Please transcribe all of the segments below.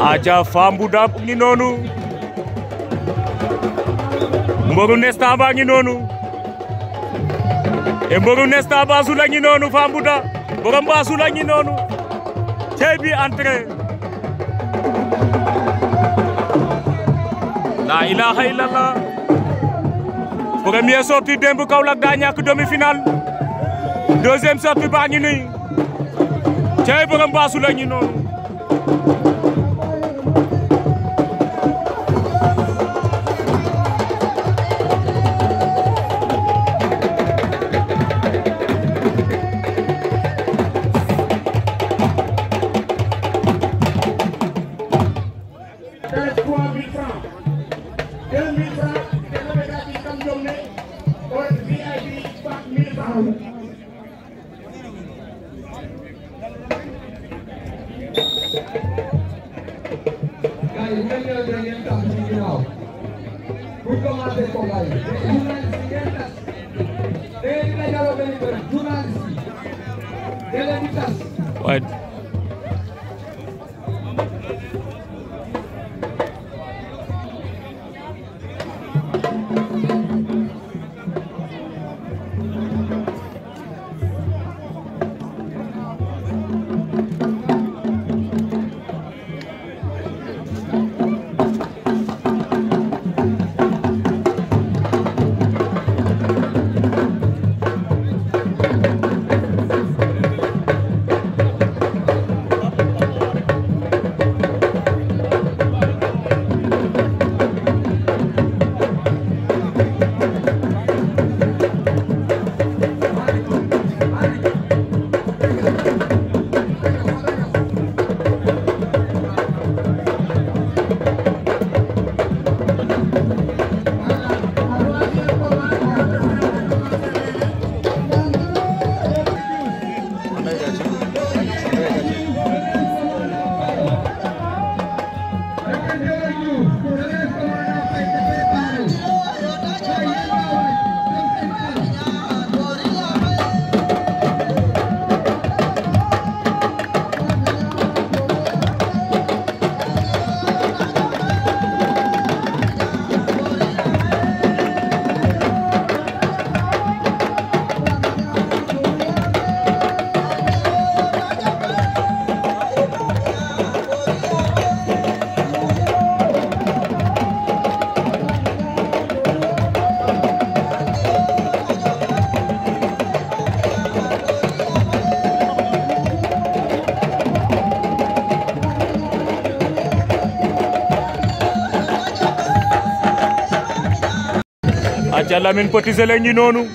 Aja fambu dap ngi nonu mboru Nesta ba ngi nonu e mboru Nesta la ngi noonu Fambou Dab borom la ngi nonu cey bi entrée la ilaha illallah sorti demb kaw la da ñak demi final, deuxième sorti ba ngi nii cey borom la ngi nonu What? Thank you. aca Lamine Petit Sélé ngi noonu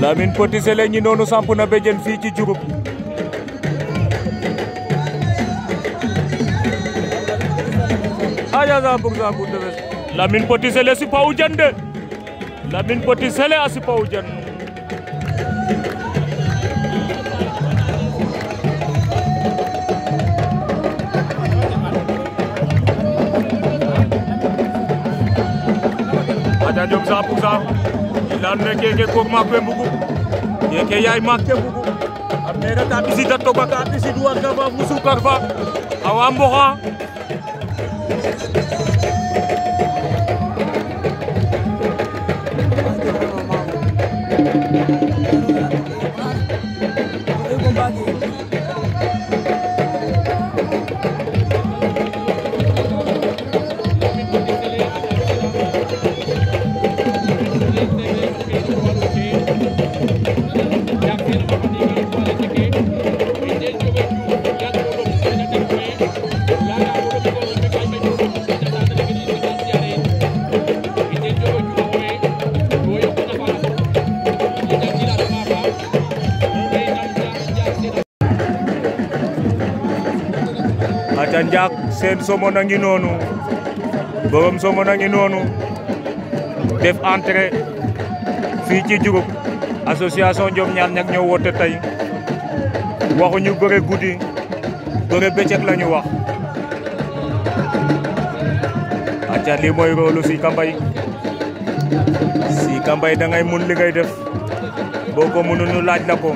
Lamine Petit Sélé ngi na béjjën fii ci Diouroup aja sa bug sa bug defes Lamine si pawu jande Lamine Petit Sélé a si pawu Ajajo mzapu zangu ilanne keke ma pe bugu ye ke yai ma ke bugu ar amera ta bisi datto baka bisi dua ba musu ba awambo ha Thank you. Ndiak seen Somone a ngi noonu borom Somone a ngi noonu def entrée fii ci Diouroup association Diom Niane nag ñoo woote tey waxuñu bëre guddi bëre bëccëg la ñu wax acca lii roolu si kambay si da ngay mun li ngay def boo ko mënul laaj la ko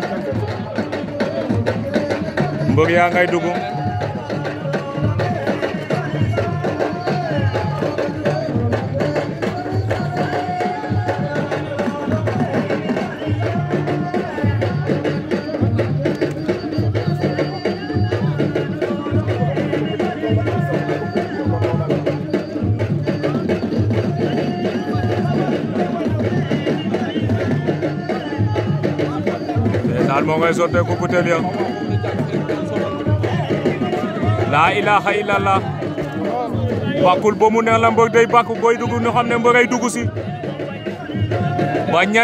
mbër yaa ngay dugg ngay sotteeku butéel ya laa ilaaha illallah bàkkul ba mu neex la mbër day bàkk booy dugg ñu xam ne mbër ay dugg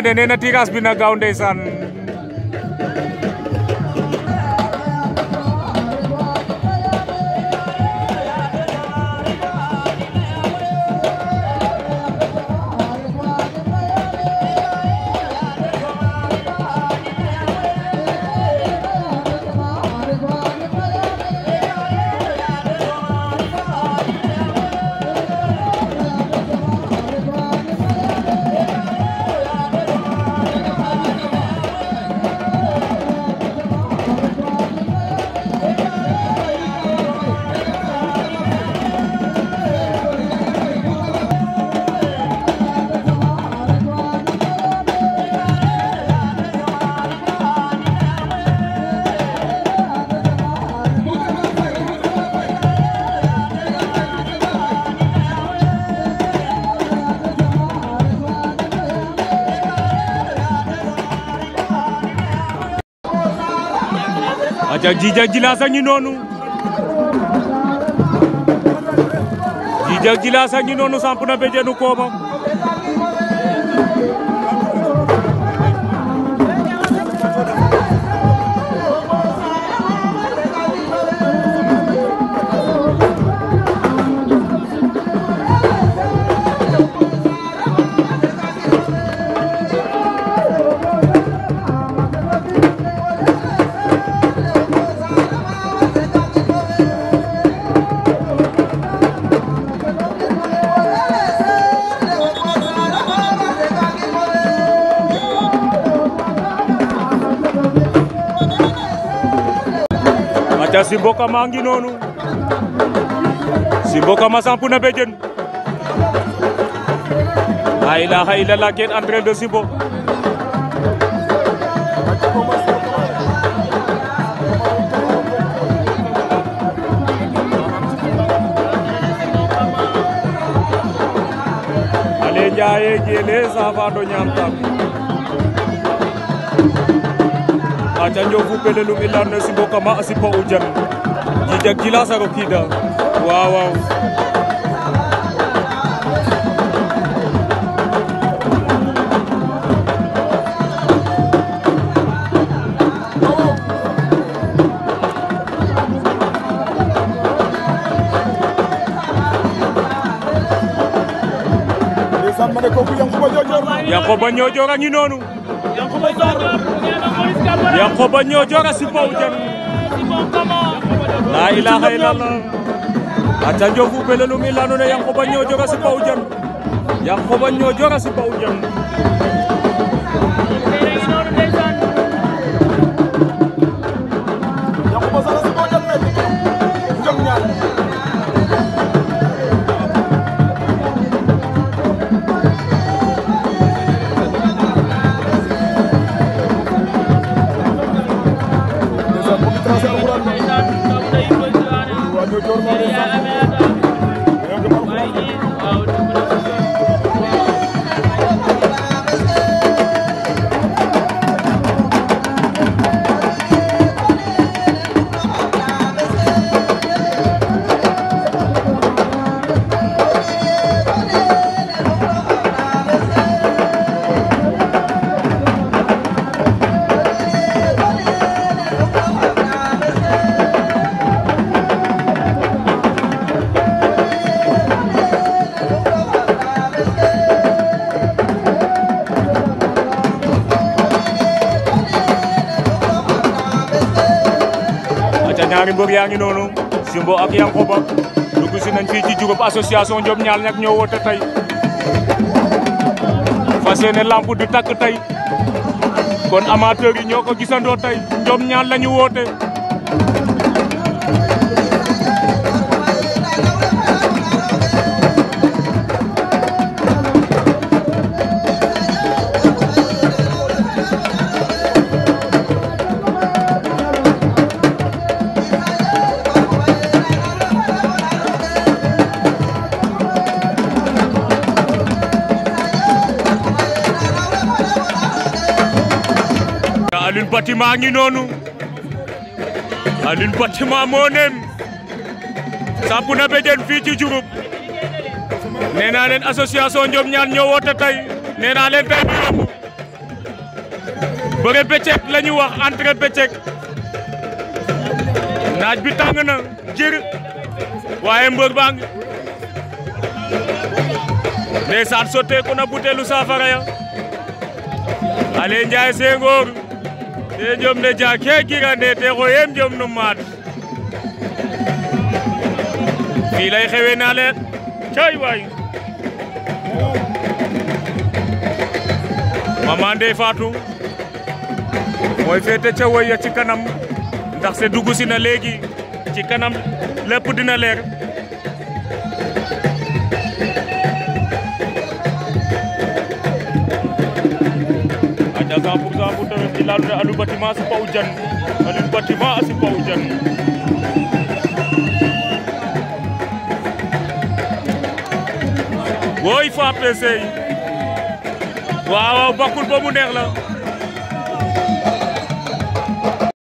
nee na tirage bi na gaaw ndeysaan aca Djidjack Djilass a ngi noonu Djidjack Djilass a ngi noonu samp na béjjenu kooma aca si mboka maa ngi noonu si mboka ma sampu na béjën la ilaha illallah ken en train de simbo ale jaaye jele safa do tam ajanjo vupele lumi larne simbo kama asipo ujan jija gila saro kida wow wow kau banyak orang ini nonu Yankoba ñoo joga si bow la ilaha illallah aca njofu belelum i leyano ne Yankoba ñoo joga si bow jem Yankoba ñoo joga si bow jem ñaari mbër yaa ngi noonu Zimbo ak Yankoba dugg si nañ fii ci Diouroup association Diop Nial nag ñoo woote tey fas yéene lamp du takk tey kon amateur yi ñoo ko gisandoo tey Diop Nial la ñu woote Alioune Batiment ngi noonu Alioune Batiment moo neen na béjjén fii ci Diouroup nee naa leen association Ndiom Ñaan ñoo woote tey nee naa bëre bëccëg la wax entre bëccëg naaj bi tàng na jër waaye mbër baa ngi ndeysaan na buteelu saafara ya ale Njaay Sengoor te jom ne jake kigane te xoyem jom no maat fii lay xewe na le cay waay Mama Ndeye Fatou mooy féete ca woy ya ci kanam ndax se dugg si na léegi ci kanam lépp dina leer pourtant pourtant bu tawee di laal na si Paw Dieng Aliou Batiment si Paw Dieng wooy fa PC yi waaw waaw mu neex la